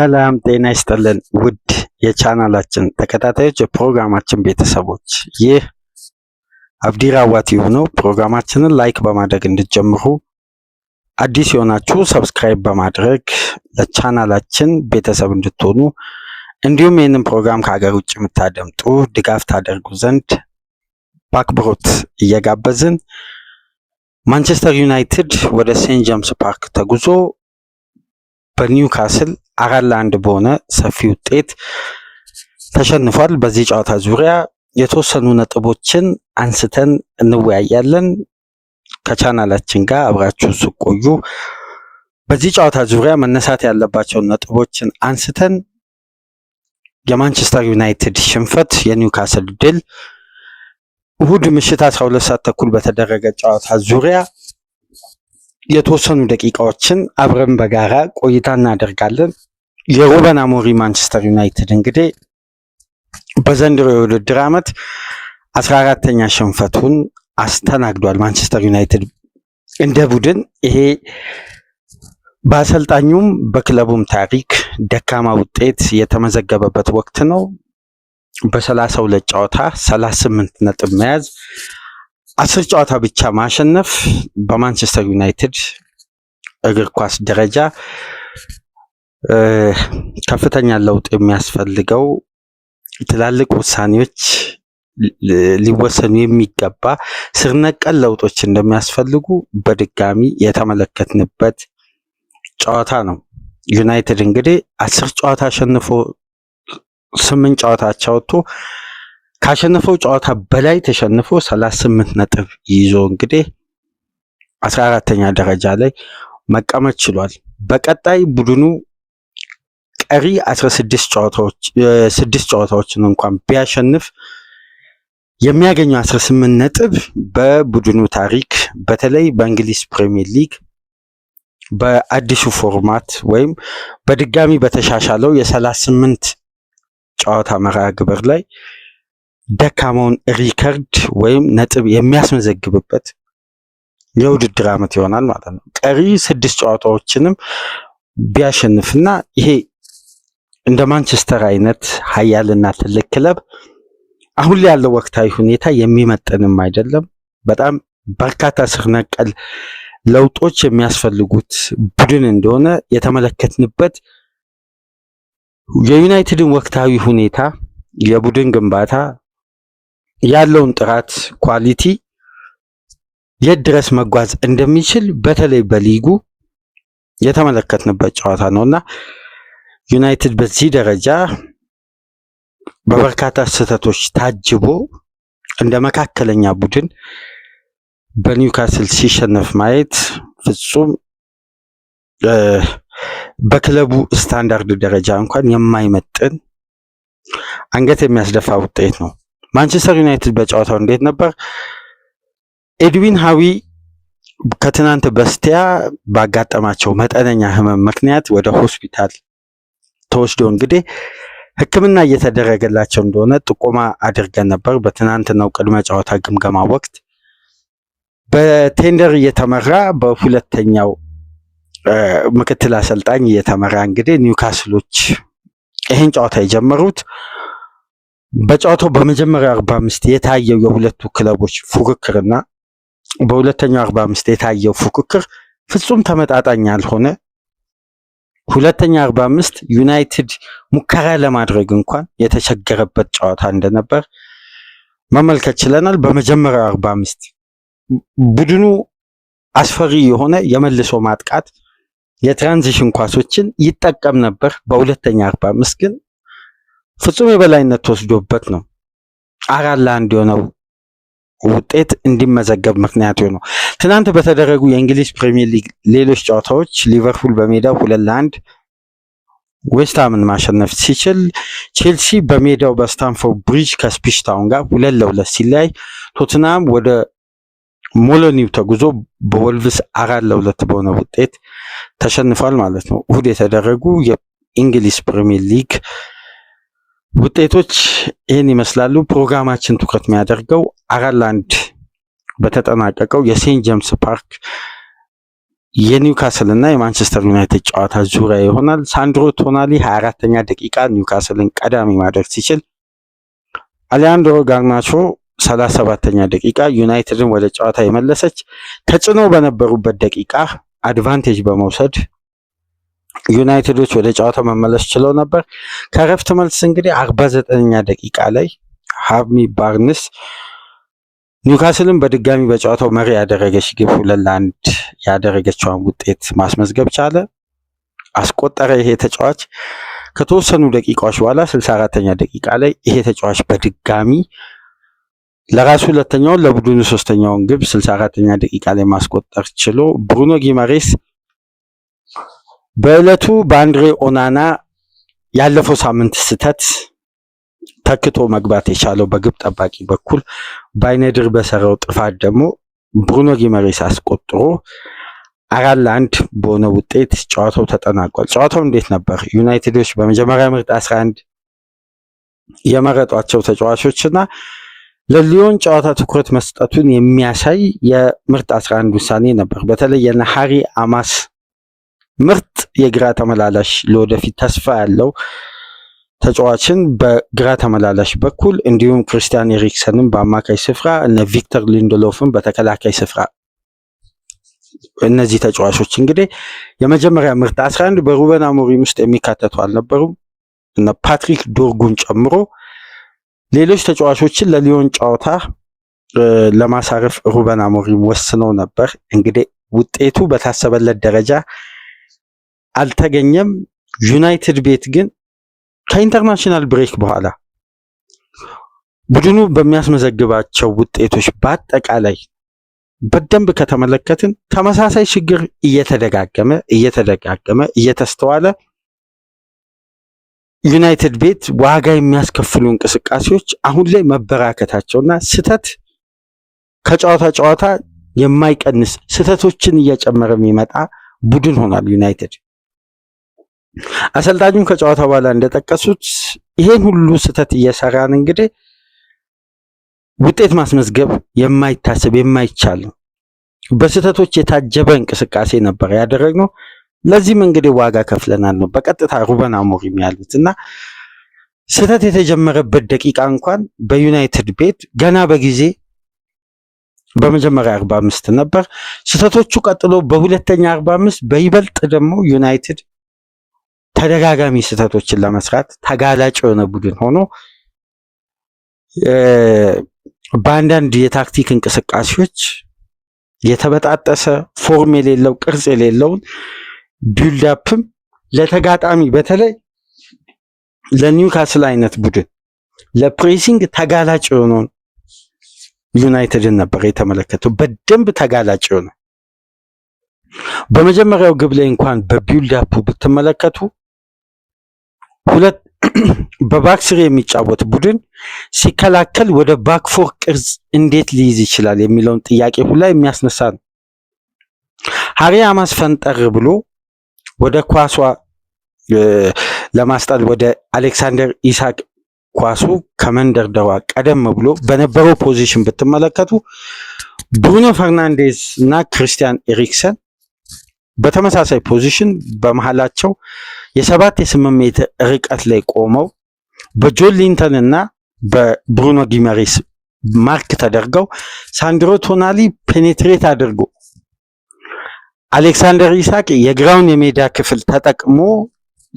ሰላም ጤና ይስጥልን ውድ የቻናላችን ተከታታዮች የፕሮግራማችን ቤተሰቦች ይህ አብዲራ ቲዩብ ፕሮግራማችንን ላይክ በማድረግ እንድትጀምሩ አዲስ የሆናችሁ ሰብስክራይብ በማድረግ ለቻናላችን ቤተሰብ እንድትሆኑ እንዲሁም ይህንን ፕሮግራም ከሀገር ውጭ የምታደምጡ ድጋፍ ታደርጉ ዘንድ በአክብሮት እየጋበዝን ማንቸስተር ዩናይትድ ወደ ሴንት ጀምስ ፓርክ ተጉዞ በኒውካስል አራት ለአንድ በሆነ ሰፊ ውጤት ተሸንፏል። በዚህ ጨዋታ ዙሪያ የተወሰኑ ነጥቦችን አንስተን እንወያያለን። ከቻናላችን ጋር አብራችሁ ስቆዩ በዚህ ጨዋታ ዙሪያ መነሳት ያለባቸውን ነጥቦችን አንስተን የማንቸስተር ዩናይትድ ሽንፈት፣ የኒውካስል ድል፣ እሁድ ምሽት 12 ሰዓት ተኩል በተደረገ ጨዋታ ዙሪያ የተወሰኑ ደቂቃዎችን አብረን በጋራ ቆይታ እናደርጋለን። የሩበን አሞሪ ማንቸስተር ዩናይትድ እንግዲህ በዘንድሮ የውድድር ዓመት አስራ አራተኛ ሽንፈቱን አስተናግዷል። ማንቸስተር ዩናይትድ እንደ ቡድን ይሄ በአሰልጣኙም በክለቡም ታሪክ ደካማ ውጤት የተመዘገበበት ወቅት ነው። በሰላሳ ሁለት ጨዋታ ሰላሳ ስምንት ነጥብ መያዝ አስር ጨዋታ ብቻ ማሸነፍ በማንቸስተር ዩናይትድ እግር ኳስ ደረጃ ከፍተኛ ለውጥ የሚያስፈልገው ትላልቅ ውሳኔዎች ሊወሰኑ የሚገባ ስር ለውጦች እንደሚያስፈልጉ በድጋሚ የተመለከትንበት ጨዋታ ነው። ዩናይትድ እንግዲህ አስር ጨዋታ አሸንፎ ስምንት ጨዋታ አቻ ወጥቶ ካሸነፈው ጨዋታ በላይ ተሸንፎ 38 ነጥብ ይዞ እንግዲህ 14ተኛ ደረጃ ላይ መቀመጥ ችሏል። በቀጣይ ቡድኑ ቀሪ 16 ጨዋታዎች ስድስት ጨዋታዎችን እንኳን ቢያሸንፍ የሚያገኘው 18 ነጥብ በቡድኑ ታሪክ በተለይ በእንግሊዝ ፕሪሚየር ሊግ በአዲሱ ፎርማት ወይም በድጋሚ በተሻሻለው የ38 ጨዋታ መርሃ ግብር ላይ ደካማውን ሪከርድ ወይም ነጥብ የሚያስመዘግብበት የውድድር ዓመት ይሆናል ማለት ነው። ቀሪ ስድስት ጨዋታዎችንም ቢያሸንፍና ይሄ እንደ ማንቸስተር አይነት ኃያልና ትልቅ ክለብ አሁን ላይ ያለው ወቅታዊ ሁኔታ የሚመጥንም አይደለም። በጣም በርካታ ስር ነቀል ለውጦች የሚያስፈልጉት ቡድን እንደሆነ የተመለከትንበት የዩናይትድን ወቅታዊ ሁኔታ የቡድን ግንባታ ያለውን ጥራት ኳሊቲ የት ድረስ መጓዝ እንደሚችል በተለይ በሊጉ የተመለከትንበት ጨዋታ ነው እና ዩናይትድ በዚህ ደረጃ በበርካታ ስህተቶች ታጅቦ እንደ መካከለኛ ቡድን በኒውካስል ሲሸነፍ ማየት ፍጹም በክለቡ ስታንዳርድ ደረጃ እንኳን የማይመጥን አንገት የሚያስደፋ ውጤት ነው። ማንቸስተር ዩናይትድ በጨዋታው እንዴት ነበር? ኤድዊን ሀዊ ከትናንት በስቲያ ባጋጠማቸው መጠነኛ ህመም ምክንያት ወደ ሆስፒታል ተወስዶ እንግዲህ ሕክምና እየተደረገላቸው እንደሆነ ጥቆማ አድርገን ነበር። በትናንትናው ቅድመ ጨዋታ ግምገማ ወቅት በቴንደር እየተመራ በሁለተኛው ምክትል አሰልጣኝ እየተመራ እንግዲህ ኒውካስሎች ይህን ጨዋታ የጀመሩት በጨዋታው በመጀመሪያ 45 የታየው የሁለቱ ክለቦች ፉክክርና በሁለተኛው 45 የታየው ፉክክር ፍጹም ተመጣጣኝ ያልሆነ፣ ሁለተኛ 45 ዩናይትድ ሙከራ ለማድረግ እንኳን የተቸገረበት ጨዋታ እንደነበር መመልከት ችለናል። በመጀመሪያው 45 ቡድኑ አስፈሪ የሆነ የመልሶ ማጥቃት የትራንዚሽን ኳሶችን ይጠቀም ነበር። በሁለተኛ 45 ግን ፍጹም የበላይነት ተወስዶበት ነው አራት ለአንድ የሆነው ውጤት እንዲመዘገብ ምክንያት የሆነው። ትናንት በተደረጉ የእንግሊዝ ፕሪሚየር ሊግ ሌሎች ጨዋታዎች ሊቨርፑል በሜዳው ሁለት ለአንድ ዌስትሃምን ማሸነፍ ሲችል ቼልሲ በሜዳው በስታንፎርድ ብሪጅ ከስፒሽ ታውን ጋር ሁለት ለሁለት ሲለያይ፣ ቶትናም ወደ ሞሎኒው ተጉዞ በወልቭስ አራት ለሁለት በሆነ ውጤት ተሸንፏል ማለት ነው። እሁድ የተደረጉ የእንግሊዝ ፕሪሚየር ሊግ ውጤቶች ይህን ይመስላሉ። ፕሮግራማችን ትኩረት የሚያደርገው አራላንድ በተጠናቀቀው የሴንት ጀምስ ፓርክ የኒውካስል እና የማንቸስተር ዩናይትድ ጨዋታ ዙሪያ ይሆናል። ሳንድሮ ቶናሊ 24 ተኛ ደቂቃ ኒውካስልን ቀዳሚ ማድረግ ሲችል አሊያንድሮ ጋርናቾ 37 ደቂቃ ዩናይትድን ወደ ጨዋታ የመለሰች ተጭኖ በነበሩበት ደቂቃ አድቫንቴጅ በመውሰድ ዩናይትዶች ወደ ጨዋታው መመለስ ችለው ነበር። ከረፍት መልስ እንግዲህ አርባ ዘጠነኛ ደቂቃ ላይ ሃርሚ ባርንስ ኒውካስልን በድጋሚ በጨዋታው መሪ ያደረገች ግብ ሁለት ለአንድ ያደረገችውን ውጤት ማስመዝገብ ቻለ። አስቆጠረ። ይሄ ተጫዋች ከተወሰኑ ደቂቃዎች በኋላ ስልሳ አራተኛ ደቂቃ ላይ ይሄ ተጫዋች በድጋሚ ለራሱ ሁለተኛውን ለቡድኑ ሶስተኛውን ግብ ስልሳ አራተኛ ደቂቃ ላይ ማስቆጠር ችሎ ብሩኖ ጊማሬስ በዕለቱ በአንድሬ ኦናና ያለፈው ሳምንት ስህተት ተክቶ መግባት የቻለው በግብ ጠባቂ በኩል ባይነድር በሰራው ጥፋት ደግሞ ብሩኖ ጊመሬስ አስቆጥሮ አራት ለአንድ በሆነ ውጤት ጨዋታው ተጠናቋል። ጨዋታው እንዴት ነበር? ዩናይትዶች በመጀመሪያ ምርጥ 11 የመረጧቸው ተጫዋቾችና ለሊዮን ጨዋታ ትኩረት መስጠቱን የሚያሳይ የምርጥ 11 ውሳኔ ነበር። በተለይ የነሃሪ አማስ ምርጥ የግራ ተመላላሽ ለወደፊት ተስፋ ያለው ተጫዋችን በግራ ተመላላሽ በኩል እንዲሁም ክርስቲያን ኤሪክሰንን በአማካይ ስፍራ እነ ቪክተር ሊንደሎፍን በተከላካይ ስፍራ እነዚህ ተጫዋቾች እንግዲህ የመጀመሪያ ምርጥ 11 በሩበን አሞሪም ውስጥ የሚካተቱ አልነበሩም። እነ ፓትሪክ ዶርጉን ጨምሮ ሌሎች ተጫዋቾችን ለሊዮን ጨዋታ ለማሳረፍ ሩበን አሞሪም ወስነው ነበር። እንግዲህ ውጤቱ በታሰበለት ደረጃ አልተገኘም። ዩናይትድ ቤት ግን ከኢንተርናሽናል ብሬክ በኋላ ቡድኑ በሚያስመዘግባቸው ውጤቶች በአጠቃላይ በደንብ ከተመለከትን ተመሳሳይ ችግር እየተደጋገመ እየተደጋገመ እየተስተዋለ ዩናይትድ ቤት ዋጋ የሚያስከፍሉ እንቅስቃሴዎች አሁን ላይ መበራከታቸውና ስህተት ከጨዋታ ጨዋታ የማይቀንስ ስህተቶችን እየጨመረ የሚመጣ ቡድን ሆኗል ዩናይትድ። አሰልጣኙ ከጨዋታ በኋላ እንደጠቀሱት ይሄን ሁሉ ስህተት እየሰራን እንግዲህ ውጤት ማስመዝገብ የማይታሰብ የማይቻል ነው። በስህተቶች የታጀበ እንቅስቃሴ ነበር ያደረግነው። ለዚህም እንግዲህ ዋጋ ከፍለናል ነው በቀጥታ ሩበን አሞሪም ያሉት እና ስህተት የተጀመረበት ደቂቃ እንኳን በዩናይትድ ቤት ገና በጊዜ በመጀመሪያ 45 ነበር። ስህተቶቹ ቀጥሎ በሁለተኛ 45 በይበልጥ ደግሞ ዩናይትድ ተደጋጋሚ ስህተቶችን ለመስራት ተጋላጭ የሆነ ቡድን ሆኖ በአንዳንድ የታክቲክ እንቅስቃሴዎች የተበጣጠሰ ፎርም የሌለው ቅርጽ የሌለውን ቢልዳፕም ለተጋጣሚ በተለይ ለኒውካስል አይነት ቡድን ለፕሬሲንግ ተጋላጭ የሆነውን ዩናይትድን ነበር የተመለከተው። በደንብ ተጋላጭ የሆነ በመጀመሪያው ግብ ላይ እንኳን በቢልዳፑ ብትመለከቱ ሁለት በባክስሪ የሚጫወት ቡድን ሲከላከል ወደ ባክፎር ቅርጽ እንዴት ሊይዝ ይችላል የሚለውን ጥያቄ ሁላ የሚያስነሳ ነው። ሀሪያ ማስፈንጠር ብሎ ወደ ኳሷ ለማስጣል ወደ አሌክሳንደር ኢሳቅ ኳሱ ከመንደርደሯ ቀደም ብሎ በነበረው ፖዚሽን ብትመለከቱ ብሩኖ ፈርናንዴዝ እና ክርስቲያን ኤሪክሰን በተመሳሳይ ፖዚሽን በመሃላቸው የሰባት የስምንት ሜትር ርቀት ላይ ቆመው በጆን ሊንተን እና በብሩኖ ጊመሬስ ማርክ ተደርገው ሳንድሮ ቶናሊ ፔኔትሬት አድርጎ አሌክሳንደር ኢሳቅ የግራውን የሜዳ ክፍል ተጠቅሞ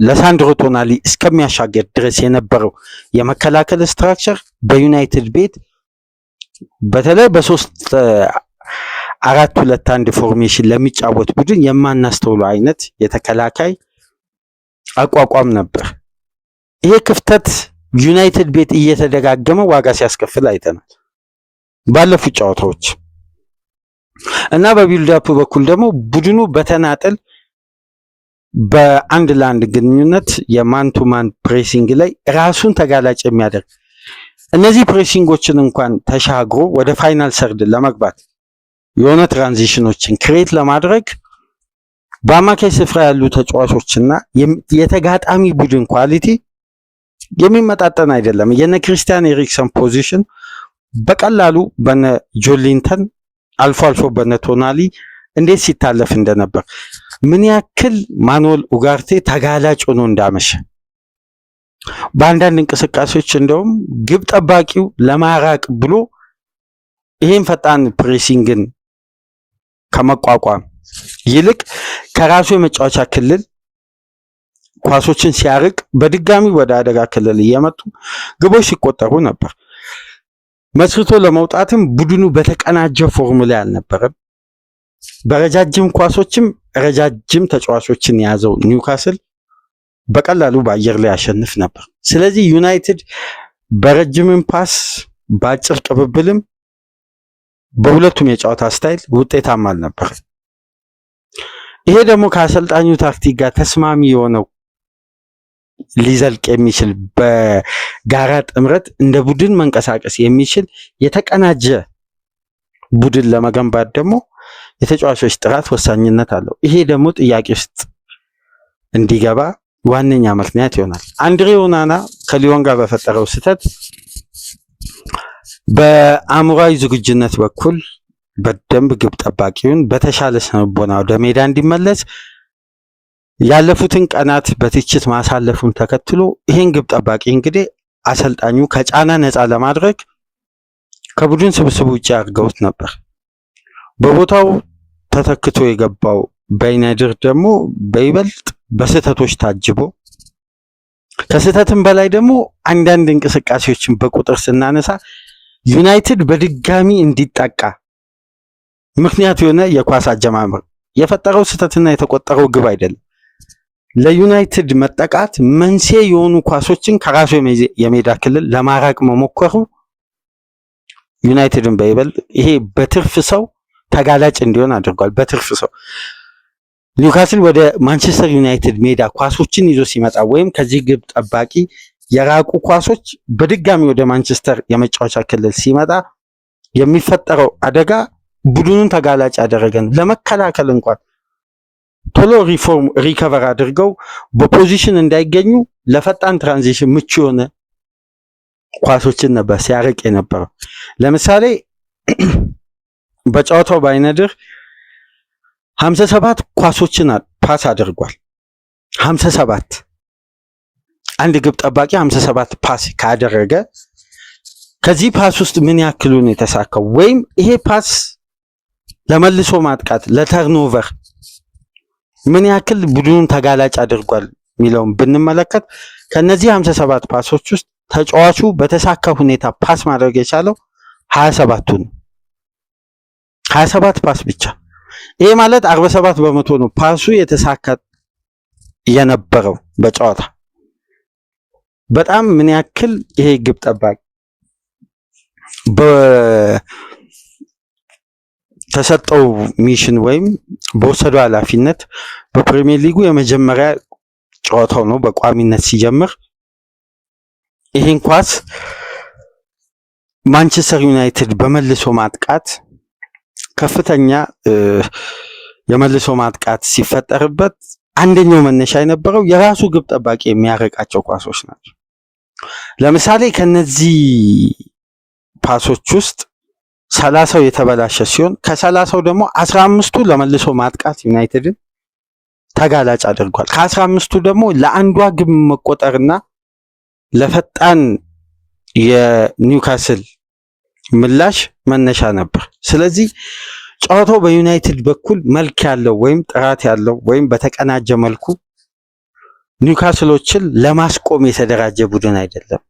ለሳንድሮ ቶናሊ እስከሚያሻገር ድረስ የነበረው የመከላከል ስትራክቸር በዩናይትድ ቤት በተለይ በሶስት አራት ሁለት አንድ ፎርሜሽን ለሚጫወት ቡድን የማናስተውሉ አይነት የተከላካይ አቋቋም ነበር። ይሄ ክፍተት ዩናይትድ ቤት እየተደጋገመ ዋጋ ሲያስከፍል አይተናል ባለፉት ጨዋታዎች እና በቢልዳፕ በኩል ደግሞ ቡድኑ በተናጠል በአንድ ለአንድ ግንኙነት የማንቱማን ፕሬሲንግ ላይ ራሱን ተጋላጭ የሚያደርግ እነዚህ ፕሬሲንጎችን እንኳን ተሻግሮ ወደ ፋይናል ሰርድ ለመግባት የሆነ ትራንዚሽኖችን ክሬት ለማድረግ በአማካይ ስፍራ ያሉ ተጫዋቾችና የተጋጣሚ ቡድን ኳሊቲ የሚመጣጠን አይደለም። የነ ክርስቲያን ኤሪክሰን ፖዚሽን በቀላሉ በነ ጆሊንተን አልፎ አልፎ በነ ቶናሊ እንዴት ሲታለፍ እንደነበር ምን ያክል ማኑኤል ኡጋርቴ ተጋላጭ ሆኖ እንዳመሸ በአንዳንድ እንቅስቃሴዎች እንደውም ግብ ጠባቂው ለማራቅ ብሎ ይህን ፈጣን ፕሬሲንግን ከመቋቋም ይልቅ ከራሱ የመጫወቻ ክልል ኳሶችን ሲያርቅ በድጋሚ ወደ አደጋ ክልል እየመጡ ግቦች ሲቆጠሩ ነበር። መስርቶ ለመውጣትም ቡድኑ በተቀናጀ ፎርሙላ አልነበረም። በረጃጅም ኳሶችም ረጃጅም ተጫዋቾችን የያዘው ኒውካስል በቀላሉ በአየር ላይ ያሸንፍ ነበር። ስለዚህ ዩናይትድ በረጅምም ፓስ በአጭር ቅብብልም በሁለቱም የጨዋታ ስታይል ውጤታማ አልነበረም። ይሄ ደግሞ ከአሰልጣኙ ታክቲክ ጋር ተስማሚ የሆነው ሊዘልቅ የሚችል በጋራ ጥምረት እንደ ቡድን መንቀሳቀስ የሚችል የተቀናጀ ቡድን ለመገንባት ደግሞ የተጫዋቾች ጥራት ወሳኝነት አለው። ይሄ ደግሞ ጥያቄ ውስጥ እንዲገባ ዋነኛ ምክንያት ይሆናል። አንድሬ ኦናና ከሊዮን ጋር በፈጠረው ስህተት በአእምሯዊ ዝግጁነት በኩል በደንብ ግብ ጠባቂውን በተሻለ ስነልቦና ወደ ሜዳ እንዲመለስ ያለፉትን ቀናት በትችት ማሳለፉን ተከትሎ ይህን ግብ ጠባቂ እንግዲህ አሰልጣኙ ከጫና ነፃ ለማድረግ ከቡድን ስብስብ ውጭ አድርገውት ነበር። በቦታው ተተክቶ የገባው በይነድር ደግሞ በይበልጥ በስህተቶች ታጅቦ ከስህተትም በላይ ደግሞ አንዳንድ እንቅስቃሴዎችን በቁጥር ስናነሳ ዩናይትድ በድጋሚ እንዲጠቃ ምክንያት የሆነ የኳስ አጀማመር የፈጠረው ስህተትና የተቆጠረው ግብ አይደለም። ለዩናይትድ መጠቃት መንስኤ የሆኑ ኳሶችን ከራሱ የሜዳ ክልል ለማራቅ መሞከሩ ዩናይትድን በይበልጥ ይሄ በትርፍ ሰው ተጋላጭ እንዲሆን አድርጓል። በትርፍ ሰው ኒውካስል ወደ ማንቸስተር ዩናይትድ ሜዳ ኳሶችን ይዞ ሲመጣ ወይም ከዚህ ግብ ጠባቂ የራቁ ኳሶች በድጋሚ ወደ ማንቸስተር የመጫወቻ ክልል ሲመጣ የሚፈጠረው አደጋ ቡድኑን ተጋላጭ ያደረገን ለመከላከል እንኳን ቶሎ ሪፎርም ሪከቨር አድርገው በፖዚሽን እንዳይገኙ ለፈጣን ትራንዚሽን ምቹ የሆነ ኳሶችን ነበር ሲያርቅ የነበረው። ለምሳሌ በጨዋታው ባይነድር 57 ኳሶችን ፓስ አድርጓል። 57 አንድ ግብ ጠባቂ 57 ፓስ ካደረገ ከዚህ ፓስ ውስጥ ምን ያክሉን የተሳካው ወይም ይሄ ፓስ ለመልሶ ማጥቃት ለተርኖቨር ምን ያክል ቡድኑን ተጋላጭ አድርጓል የሚለውን ብንመለከት ከነዚህ 57 ፓሶች ውስጥ ተጫዋቹ በተሳካ ሁኔታ ፓስ ማድረግ የቻለው 27ቱን 27 ፓስ ብቻ። ይሄ ማለት 47 በመቶ ነው ፓሱ የተሳካ የነበረው በጨዋታ በጣም ምን ያክል ይሄ ግብ ጠባቂ ተሰጠው ሚሽን ወይም በወሰዱ ኃላፊነት በፕሪሚየር ሊጉ የመጀመሪያ ጨዋታው ነው በቋሚነት ሲጀምር። ይህን ኳስ ማንቸስተር ዩናይትድ በመልሶ ማጥቃት ከፍተኛ የመልሶ ማጥቃት ሲፈጠርበት አንደኛው መነሻ የነበረው የራሱ ግብ ጠባቂ የሚያረቃቸው ኳሶች ናቸው። ለምሳሌ ከነዚህ ፓሶች ውስጥ ሰላሳው የተበላሸ ሲሆን ከሰላሳው ደግሞ አስራ አምስቱ ለመልሶ ማጥቃት ዩናይትድን ተጋላጭ አድርጓል። ከአስራ አምስቱ ደግሞ ለአንዷ ግብ መቆጠርና ለፈጣን የኒውካስል ምላሽ መነሻ ነበር። ስለዚህ ጨዋታው በዩናይትድ በኩል መልክ ያለው ወይም ጥራት ያለው ወይም በተቀናጀ መልኩ ኒውካስሎችን ለማስቆም የተደራጀ ቡድን አይደለም።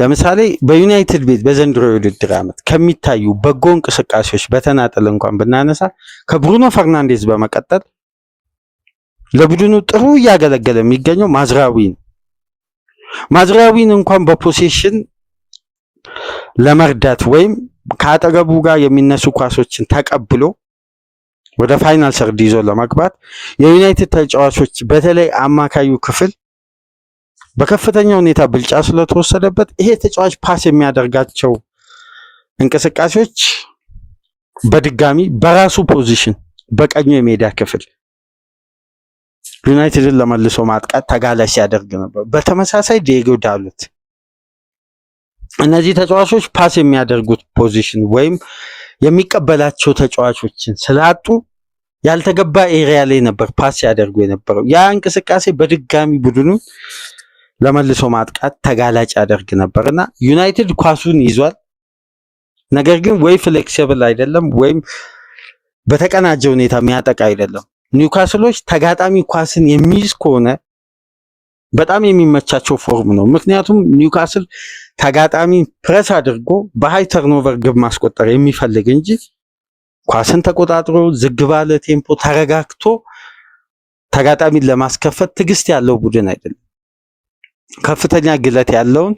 ለምሳሌ በዩናይትድ ቤት በዘንድሮ የውድድር ዓመት ከሚታዩ በጎ እንቅስቃሴዎች በተናጠል እንኳን ብናነሳ ከብሩኖ ፈርናንዴዝ በመቀጠል ለቡድኑ ጥሩ እያገለገለ የሚገኘው ማዝራዊን ማዝራዊን እንኳን በፖሴሽን ለመርዳት ወይም ከአጠገቡ ጋር የሚነሱ ኳሶችን ተቀብሎ ወደ ፋይናል ሰርድ ይዞ ለመግባት የዩናይትድ ተጫዋቾች በተለይ አማካዩ ክፍል በከፍተኛ ሁኔታ ብልጫ ስለተወሰደበት ይሄ ተጫዋች ፓስ የሚያደርጋቸው እንቅስቃሴዎች በድጋሚ በራሱ ፖዚሽን በቀኙ የሜዳ ክፍል ዩናይትድን ለመልሶ ማጥቃት ተጋላጭ ሲያደርግ ነበር። በተመሳሳይ ዲዮጎ ዳሎት። እነዚህ ተጫዋቾች ፓስ የሚያደርጉት ፖዚሽን ወይም የሚቀበላቸው ተጫዋቾችን ስላጡ ያልተገባ ኤሪያ ላይ ነበር ፓስ ሲያደርጉ የነበረው። ያ እንቅስቃሴ በድጋሚ ቡድኑ ለመልሶ ማጥቃት ተጋላጭ ያደርግ ነበር እና ዩናይትድ ኳሱን ይዟል። ነገር ግን ወይ ፍሌክሲብል አይደለም ወይም በተቀናጀ ሁኔታ የሚያጠቃ አይደለም። ኒውካስሎች ተጋጣሚ ኳስን የሚይዝ ከሆነ በጣም የሚመቻቸው ፎርም ነው። ምክንያቱም ኒውካስል ተጋጣሚ ፕረስ አድርጎ በሃይ ተርኖቨር ግብ ማስቆጠር የሚፈልግ እንጂ ኳስን ተቆጣጥሮ ዝግ ባለ ቴምፖ ተረጋግቶ ተጋጣሚን ለማስከፈት ትዕግስት ያለው ቡድን አይደለም። ከፍተኛ ግለት ያለውን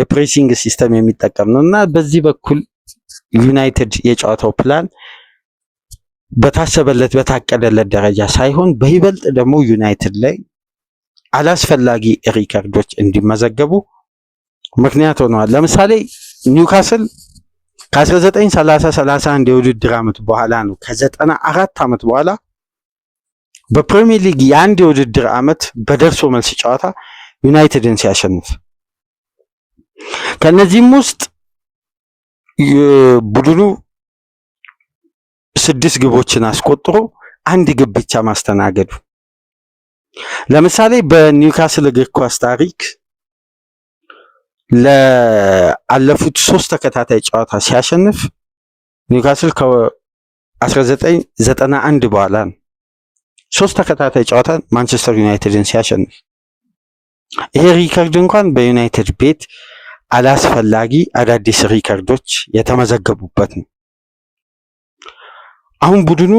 የፕሬሲንግ ሲስተም የሚጠቀም ነው እና በዚህ በኩል ዩናይትድ የጨዋታው ፕላን በታሰበለት በታቀደለት ደረጃ ሳይሆን በይበልጥ ደግሞ ዩናይትድ ላይ አላስፈላጊ ሪከርዶች እንዲመዘገቡ ምክንያት ሆነዋል። ለምሳሌ ኒውካስል ከ1930 31 የውድድር ዓመት በኋላ ነው ከ94 ዓመት በኋላ በፕሪሚየር ሊግ የአንድ የውድድር ዓመት በደርሶ መልስ ጨዋታ ዩናይትድን ሲያሸንፍ ከነዚህም ውስጥ ቡድኑ ስድስት ግቦችን አስቆጥሮ አንድ ግብ ብቻ ማስተናገዱ። ለምሳሌ በኒውካስል እግር ኳስ ታሪክ ለአለፉት ሶስት ተከታታይ ጨዋታ ሲያሸንፍ ኒውካስል ከ1991 በኋላ ነው ሶስት ተከታታይ ጨዋታ ማንቸስተር ዩናይትድን ሲያሸንፍ ይሄ ሪከርድ እንኳን በዩናይትድ ቤት አላስፈላጊ አዳዲስ ሪከርዶች የተመዘገቡበት ነው። አሁን ቡድኑ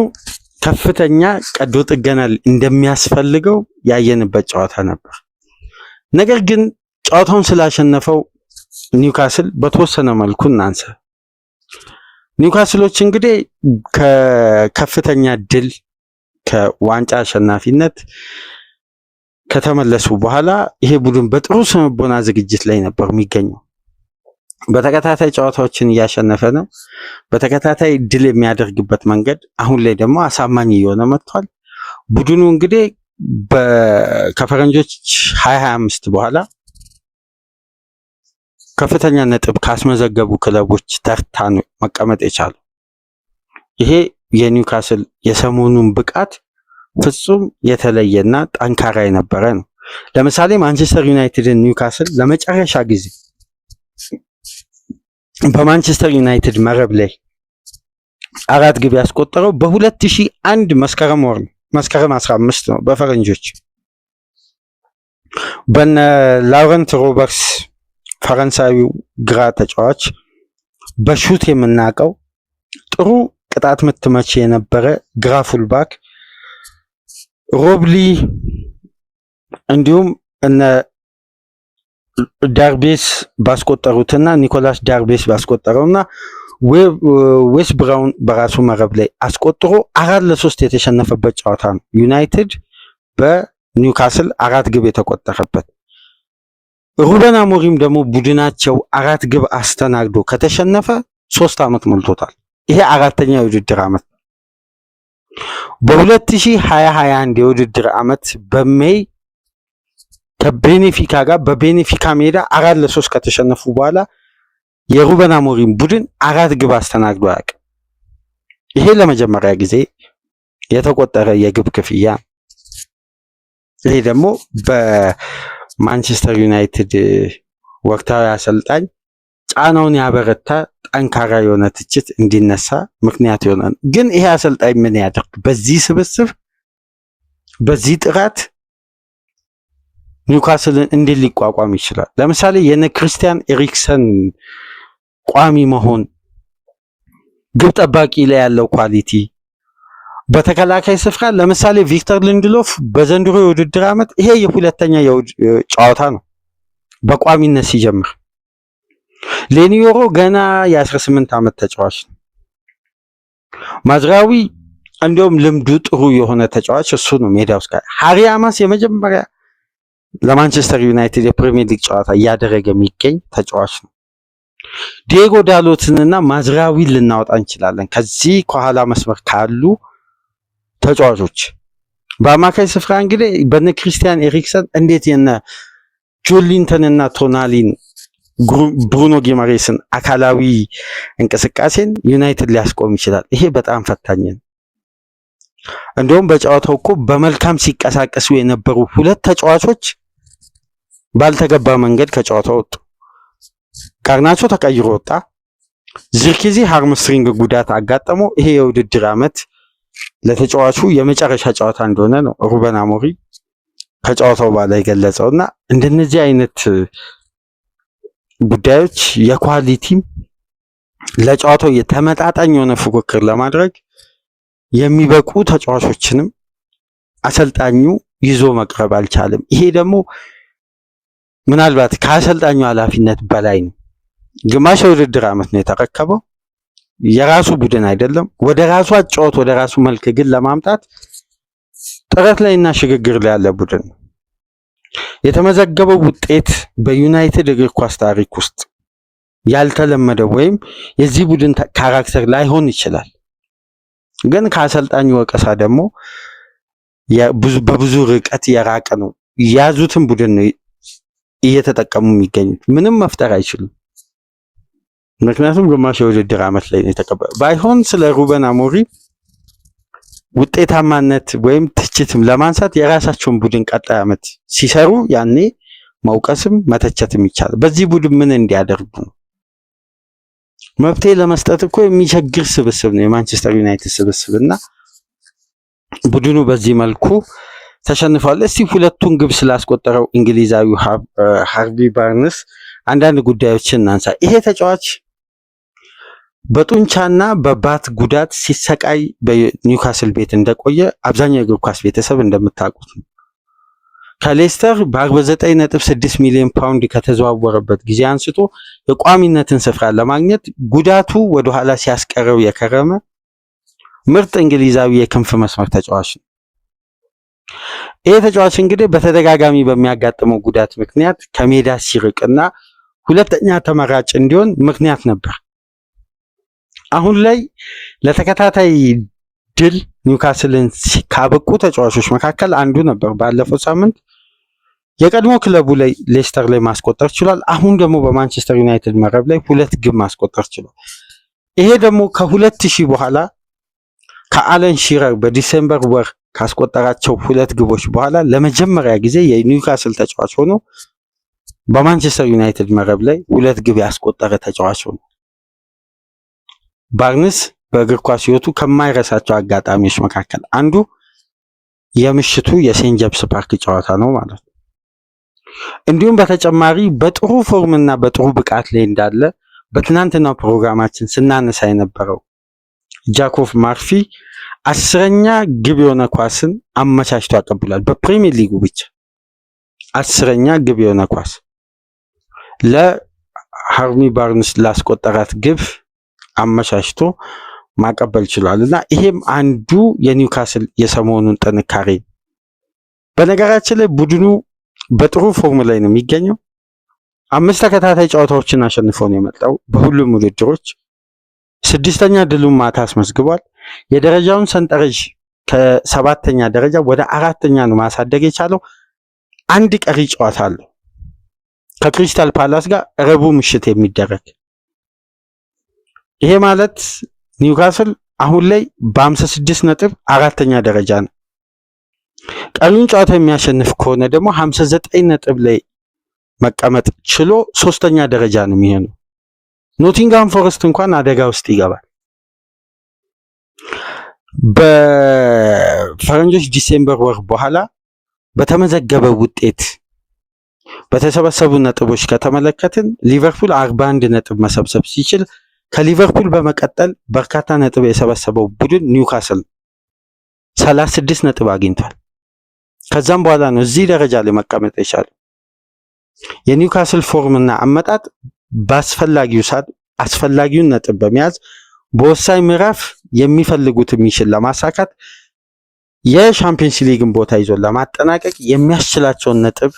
ከፍተኛ ቀዶ ጥገና እንደሚያስፈልገው ያየንበት ጨዋታ ነበር። ነገር ግን ጨዋታውን ስላሸነፈው ኒውካስል በተወሰነ መልኩ እናንሳ። ኒውካስሎች እንግዲህ ከከፍተኛ ድል ከዋንጫ አሸናፊነት ከተመለሱ በኋላ ይሄ ቡድን በጥሩ ስምቦና ዝግጅት ላይ ነበር የሚገኘው። በተከታታይ ጨዋታዎችን እያሸነፈ ነው። በተከታታይ ድል የሚያደርግበት መንገድ አሁን ላይ ደግሞ አሳማኝ እየሆነ መጥቷል። ቡድኑ እንግዲህ ከፈረንጆች ሀያ ሀያ አምስት በኋላ ከፍተኛ ነጥብ ካስመዘገቡ ክለቦች ተርታ መቀመጥ የቻሉ ይሄ የኒውካስል የሰሞኑን ብቃት ፍጹም የተለየና ጠንካራ የነበረ ነው። ለምሳሌ ማንቸስተር ዩናይትድን ኒውካስል ለመጨረሻ ጊዜ በማንቸስተር ዩናይትድ መረብ ላይ አራት ግብ ያስቆጠረው በ2001 መስከረም ወር መስከረም 15 ነው በፈረንጆች በነ ላውረንት ሮበርስ ፈረንሳዊው ግራ ተጫዋች በሹት የምናውቀው ጥሩ ቅጣት ምት የነበረ ግራ ፉልባክ ሮብሊ እንዲሁም እነ ዳርቤስ ባስቆጠሩትና ኒኮላስ ዳርቤስ ባስቆጠረውና ዌስ ብራውን በራሱ መረብ ላይ አስቆጥሮ አራት ለሶስት የተሸነፈበት ጨዋታ ነው። ዩናይትድ በኒውካስል አራት ግብ የተቆጠረበት። ሩበን አሞሪም ደግሞ ቡድናቸው አራት ግብ አስተናግዶ ከተሸነፈ ሶስት ዓመት ሞልቶታል። ይሄ አራተኛ የውድድር ዓመት በ2021 የውድድር ዓመት በሜይ ከቤኔፊካ ጋር በቤኔፊካ ሜዳ አራት ለሶስት ከተሸነፉ በኋላ የሩበን አሞሪም ቡድን አራት ግብ አስተናግዶ አያውቅም። ይሄ ለመጀመሪያ ጊዜ የተቆጠረ የግብ ክፍያ። ይሄ ደግሞ በማንቸስተር ዩናይትድ ወቅታዊ አሰልጣኝ ጫናውን ያበረታ ጠንካራ የሆነ ትችት እንዲነሳ ምክንያት የሆነ ነው። ግን ይሄ አሰልጣኝ ምን ያደርግ? በዚህ ስብስብ በዚህ ጥራት ኒውካስልን እንዴት ሊቋቋም ይችላል? ለምሳሌ የነ ክርስቲያን ኤሪክሰን ቋሚ መሆን፣ ግብ ጠባቂ ላይ ያለው ኳሊቲ፣ በተከላካይ ስፍራ ለምሳሌ ቪክተር ሊንድሎፍ በዘንድሮ የውድድር ዓመት ይሄ የሁለተኛ ጨዋታ ነው በቋሚነት ሲጀምር ሌኒዮሮ ገና የ18 ዓመት ተጫዋች ነው። ማዝራዊ እንዲሁም ልምዱ ጥሩ የሆነ ተጫዋች እሱ ነው። ሜዳ ውስጥ ሃሪ አማስ የመጀመሪያ ለማንቸስተር ዩናይትድ የፕሪሚየር ሊግ ጨዋታ እያደረገ የሚገኝ ተጫዋች ነው። ዲየጎ ዳሎትንና ማዝራዊን ልናወጣ እንችላለን ከዚህ ከኋላ መስመር ካሉ ተጫዋቾች። በአማካይ ስፍራ እንግዲህ በነ ክርስቲያን ኤሪክሰን እንዴት የነ ጆሊንተንና ቶናሊን ብሩኖ ጌማሬስን አካላዊ እንቅስቃሴን ዩናይትድ ሊያስቆም ይችላል። ይሄ በጣም ፈታኝ ነው። እንዲሁም በጨዋታው እኮ በመልካም ሲቀሳቀሱ የነበሩ ሁለት ተጫዋቾች ባልተገባ መንገድ ከጨዋታው ወጡ። ጋርናቾ ተቀይሮ ወጣ። ዝርኪዚ ሃርምስትሪንግ ጉዳት አጋጠመው። ይሄ የውድድር ዓመት ለተጫዋቹ የመጨረሻ ጨዋታ እንደሆነ ነው ሩበን አሞሪ ከጨዋታው በኋላ የገለጸውና እንደነዚህ አይነት ጉዳዮች የኳሊቲ ለጨዋታው የተመጣጣኝ የሆነ ፉክክር ለማድረግ የሚበቁ ተጫዋቾችንም አሰልጣኙ ይዞ መቅረብ አልቻለም። ይሄ ደግሞ ምናልባት ከአሰልጣኙ ኃላፊነት በላይ ነው። ግማሽ የውድድር ዓመት ነው የተረከበው። የራሱ ቡድን አይደለም። ወደ ራሱ አጫወት ወደ ራሱ መልክ ግን ለማምጣት ጥረት ላይ እና ሽግግር ላይ ያለ ቡድን ነው። የተመዘገበው ውጤት በዩናይትድ እግር ኳስ ታሪክ ውስጥ ያልተለመደ ወይም የዚህ ቡድን ካራክተር ላይሆን ይችላል። ግን ከአሰልጣኙ ወቀሳ ደግሞ በብዙ ርቀት የራቀ ነው። የያዙትን ቡድን ነው እየተጠቀሙ የሚገኙት። ምንም መፍጠር አይችሉም። ምክንያቱም ግማሽ የውድድር ዓመት ላይ ነው የተቀበለው። ባይሆን ስለ ሩበን አሞሪም ውጤታማነት ወይም ትችትም ለማንሳት የራሳቸውን ቡድን ቀጣይ ዓመት ሲሰሩ ያኔ መውቀስም መተቸትም ይቻላል። በዚህ ቡድን ምን እንዲያደርጉ ነው? መፍትሄ ለመስጠት እኮ የሚቸግር ስብስብ ነው የማንቸስተር ዩናይትድ ስብስብ እና ቡድኑ በዚህ መልኩ ተሸንፏል። እስቲ ሁለቱን ግብ ስላስቆጠረው እንግሊዛዊ ሃርቪ ባርንስ አንዳንድ ጉዳዮችን እናንሳ። ይሄ ተጫዋች በጡንቻና በባት ጉዳት ሲሰቃይ በኒውካስል ቤት እንደቆየ አብዛኛው የእግር ኳስ ቤተሰብ እንደምታውቁት ነው። ከሌስተር በ49.6 ሚሊዮን ፓውንድ ከተዘዋወረበት ጊዜ አንስቶ የቋሚነትን ስፍራ ለማግኘት ጉዳቱ ወደኋላ ሲያስቀረው የከረመ ምርጥ እንግሊዛዊ የክንፍ መስመር ተጫዋች ነው። ይህ ተጫዋች እንግዲህ በተደጋጋሚ በሚያጋጥመው ጉዳት ምክንያት ከሜዳ ሲርቅና ሁለተኛ ተመራጭ እንዲሆን ምክንያት ነበር። አሁን ላይ ለተከታታይ ድል ኒውካስልን ካበቁ ተጫዋቾች መካከል አንዱ ነበር። ባለፈው ሳምንት የቀድሞ ክለቡ ላይ ሌስተር ላይ ማስቆጠር ችሏል። አሁን ደግሞ በማንቸስተር ዩናይትድ መረብ ላይ ሁለት ግብ ማስቆጠር ችሏል። ይሄ ደግሞ ከሁለት ሺህ በኋላ ከአለን ሺረር በዲሴምበር ወር ካስቆጠራቸው ሁለት ግቦች በኋላ ለመጀመሪያ ጊዜ የኒውካስል ተጫዋች ሆኖ በማንቸስተር ዩናይትድ መረብ ላይ ሁለት ግብ ያስቆጠረ ተጫዋች ሆኖ ባርንስ በእግር ኳስ ህይወቱ ከማይረሳቸው አጋጣሚዎች መካከል አንዱ የምሽቱ የሴንት ጀምስ ፓርክ ጨዋታ ነው ማለት ነው። እንዲሁም በተጨማሪ በጥሩ ፎርም እና በጥሩ ብቃት ላይ እንዳለ በትናንትናው ፕሮግራማችን ስናነሳ የነበረው ጃኮቭ ማርፊ አስረኛ ግብ የሆነ ኳስን አመቻችቶ አቀብሏል። በፕሪሚየር ሊጉ ብቻ አስረኛ ግብ የሆነ ኳስ ለሃርሚ ባርንስ ላስቆጠራት ግብ አመቻችቶ ማቀበል ችሏል እና ይሄም አንዱ የኒውካስል የሰሞኑን ጥንካሬ። በነገራችን ላይ ቡድኑ በጥሩ ፎርም ላይ ነው የሚገኘው። አምስት ተከታታይ ጨዋታዎችን አሸንፎ ነው የመጣው በሁሉም ውድድሮች። ስድስተኛ ድሉን ማታ አስመዝግቧል። የደረጃውን ሰንጠረዥ ከሰባተኛ ደረጃ ወደ አራተኛ ነው ማሳደግ የቻለው። አንድ ቀሪ ጨዋታ አለው ከክሪስታል ፓላስ ጋር ረቡዕ ምሽት የሚደረግ ይሄ ማለት ኒውካስል አሁን ላይ በ56 ነጥብ አራተኛ ደረጃ ነው። ቀሪውን ጨዋታ የሚያሸንፍ ከሆነ ደግሞ 59 ነጥብ ላይ መቀመጥ ችሎ ሶስተኛ ደረጃ ነው የሚሆነው። ኖቲንጋም ፎረስት እንኳን አደጋ ውስጥ ይገባል። በፈረንጆች ዲሴምበር ወር በኋላ በተመዘገበ ውጤት በተሰበሰቡ ነጥቦች ከተመለከትን ሊቨርፑል 41 ነጥብ መሰብሰብ ሲችል ከሊቨርፑል በመቀጠል በርካታ ነጥብ የሰበሰበው ቡድን ኒውካስል 36 ነጥብ አግኝቷል። ከዛም በኋላ ነው እዚህ ደረጃ ላይ መቀመጥ የቻለው። የኒውካስል እና አመጣጥ በአስፈላጊው ሰዓት አስፈላጊውን ነጥብ በመያዝ በወሳኝ ምዕራፍ የሚፈልጉት ሚሽን ለማሳካት የሻምፒየንስ ሊግን ቦታ ይዞ ለማጠናቀቅ የሚያስችላቸውን ነጥብ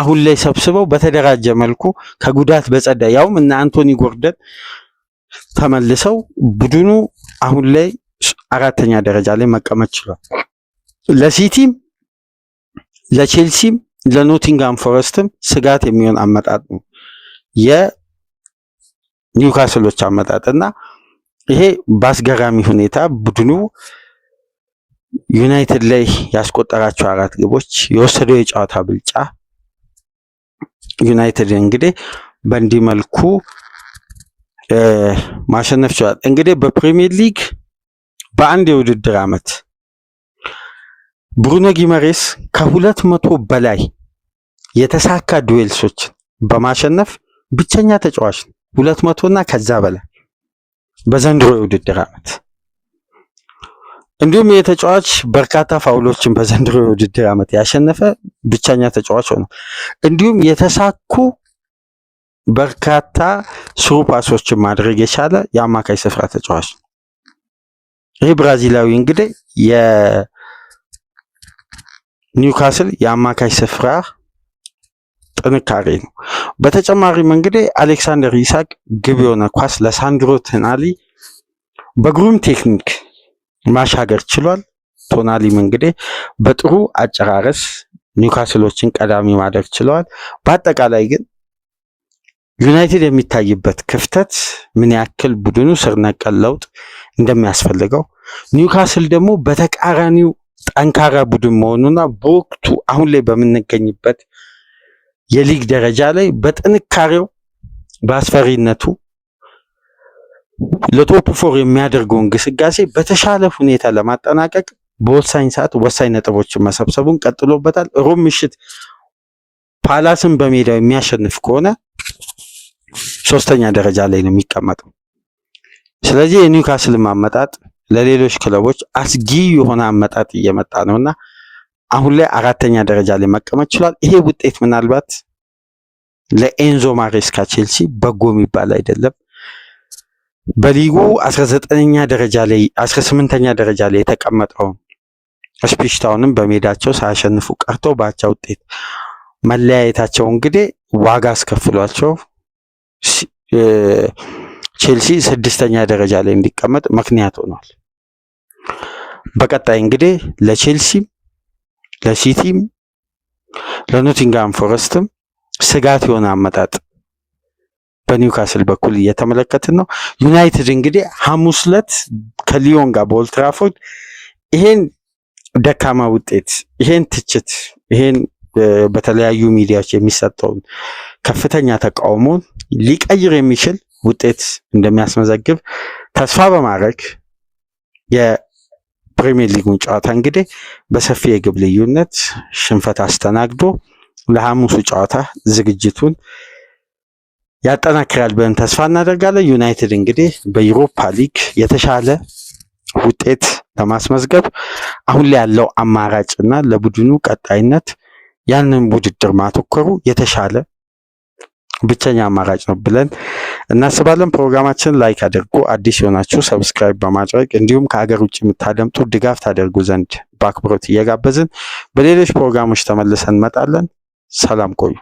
አሁን ላይ ሰብስበው በተደራጀ መልኩ ከጉዳት በጸዳ ያውም እና አንቶኒ ጎርደን ተመልሰው ቡድኑ አሁን ላይ አራተኛ ደረጃ ላይ መቀመጥ ችሏል። ለሲቲም ለቼልሲም ለኖቲንጋም ፎረስትም ስጋት የሚሆን አመጣጥ ነው የኒውካስሎች አመጣጥ እና ይሄ በአስገራሚ ሁኔታ ቡድኑ ዩናይትድ ላይ ያስቆጠራቸው አራት ግቦች የወሰደው የጨዋታ ብልጫ ዩናይትድ እንግዲህ በእንዲህ መልኩ ማሸነፍ ችሏል። እንግዲህ በፕሪሚየር ሊግ በአንድ የውድድር ዓመት ብሩኖ ጊመሬስ ከሁለት መቶ በላይ የተሳካ ዱዌልሶችን በማሸነፍ ብቸኛ ተጫዋች ነው። ሁለት መቶ እና ከዛ በላይ በዘንድሮ የውድድር ዓመት እንዲሁም የተጫዋች ተጫዋች በርካታ ፋውሎችን በዘንድሮ የውድድር ዓመት ያሸነፈ ብቸኛ ተጫዋች ሆነ። እንዲሁም የተሳኩ በርካታ ስሩ ፓሶችን ማድረግ የቻለ የአማካይ ስፍራ ተጫዋች ነው። ይህ ብራዚላዊ እንግዲህ የኒውካስል የአማካይ ስፍራ ጥንካሬ ነው። በተጨማሪም እንግዲህ አሌክሳንደር ኢሳቅ ግብ የሆነ ኳስ ለሳንድሮ ትናሊ በግሩም ቴክኒክ ማሻገር ችሏል። ቶናሊም እንግዲህ በጥሩ አጨራረስ ኒውካስሎችን ቀዳሚ ማድረግ ችለዋል። በአጠቃላይ ግን ዩናይትድ የሚታይበት ክፍተት ምን ያክል ቡድኑ ስር ነቀል ለውጥ እንደሚያስፈልገው ኒውካስል ደግሞ በተቃራኒው ጠንካራ ቡድን መሆኑና በወቅቱ አሁን ላይ በምንገኝበት የሊግ ደረጃ ላይ በጥንካሬው በአስፈሪነቱ ለቶፕ ፎር የሚያደርገውን ግስጋሴ በተሻለ ሁኔታ ለማጠናቀቅ በወሳኝ ሰዓት ወሳኝ ነጥቦችን መሰብሰቡን ቀጥሎበታል። ሮም ምሽት ፓላስን በሜዳው የሚያሸንፍ ከሆነ ሶስተኛ ደረጃ ላይ ነው የሚቀመጠው። ስለዚህ የኒውካስል አመጣጥ ለሌሎች ክለቦች አስጊ የሆነ አመጣጥ እየመጣ ነውና አሁን ላይ አራተኛ ደረጃ ላይ መቀመጥ ችሏል። ይሄ ውጤት ምናልባት ለኤንዞ ማሬስካ ቼልሲ በጎ የሚባል አይደለም። በሊጉ 19ኛ ደረጃ ላይ 18ኛ ደረጃ ላይ የተቀመጠው ስፒሽታውንም በሜዳቸው ሳያሸንፉ ቀርቶ በአቻ ውጤት መለያየታቸው እንግዲህ ዋጋ አስከፍሏቸው ቼልሲ ስድስተኛ ደረጃ ላይ እንዲቀመጥ ምክንያት ሆኗል። በቀጣይ እንግዲህ ለቼልሲም ለሲቲም ለኖቲንጋም ፎረስትም ስጋት የሆነ አመጣጥ በኒውካስል በኩል እየተመለከትን ነው። ዩናይትድ እንግዲህ ሐሙስ ዕለት ከሊዮን ጋር በኦልትራፎርድ ይሄን ደካማ ውጤት ይሄን ትችት ይሄን በተለያዩ ሚዲያዎች የሚሰጠውን ከፍተኛ ተቃውሞን ሊቀይር የሚችል ውጤት እንደሚያስመዘግብ ተስፋ በማድረግ የፕሪሚየር ሊጉን ጨዋታ እንግዲህ በሰፊ የግብ ልዩነት ሽንፈት አስተናግዶ ለሐሙሱ ጨዋታ ዝግጅቱን ያጠናክራል ብለን ተስፋ እናደርጋለን። ዩናይትድ እንግዲህ በዩሮፓ ሊግ የተሻለ ውጤት ለማስመዝገብ አሁን ላይ ያለው አማራጭ እና ለቡድኑ ቀጣይነት ያንን ውድድር ማተኮሩ የተሻለ ብቸኛ አማራጭ ነው ብለን እናስባለን። ፕሮግራማችን ላይክ አድርጉ፣ አዲስ የሆናችሁ ሰብስክራይብ በማድረግ እንዲሁም ከሀገር ውጭ የምታደምጡ ድጋፍ ታደርጉ ዘንድ በአክብሮት እየጋበዝን በሌሎች ፕሮግራሞች ተመልሰን እንመጣለን። ሰላም ቆዩ።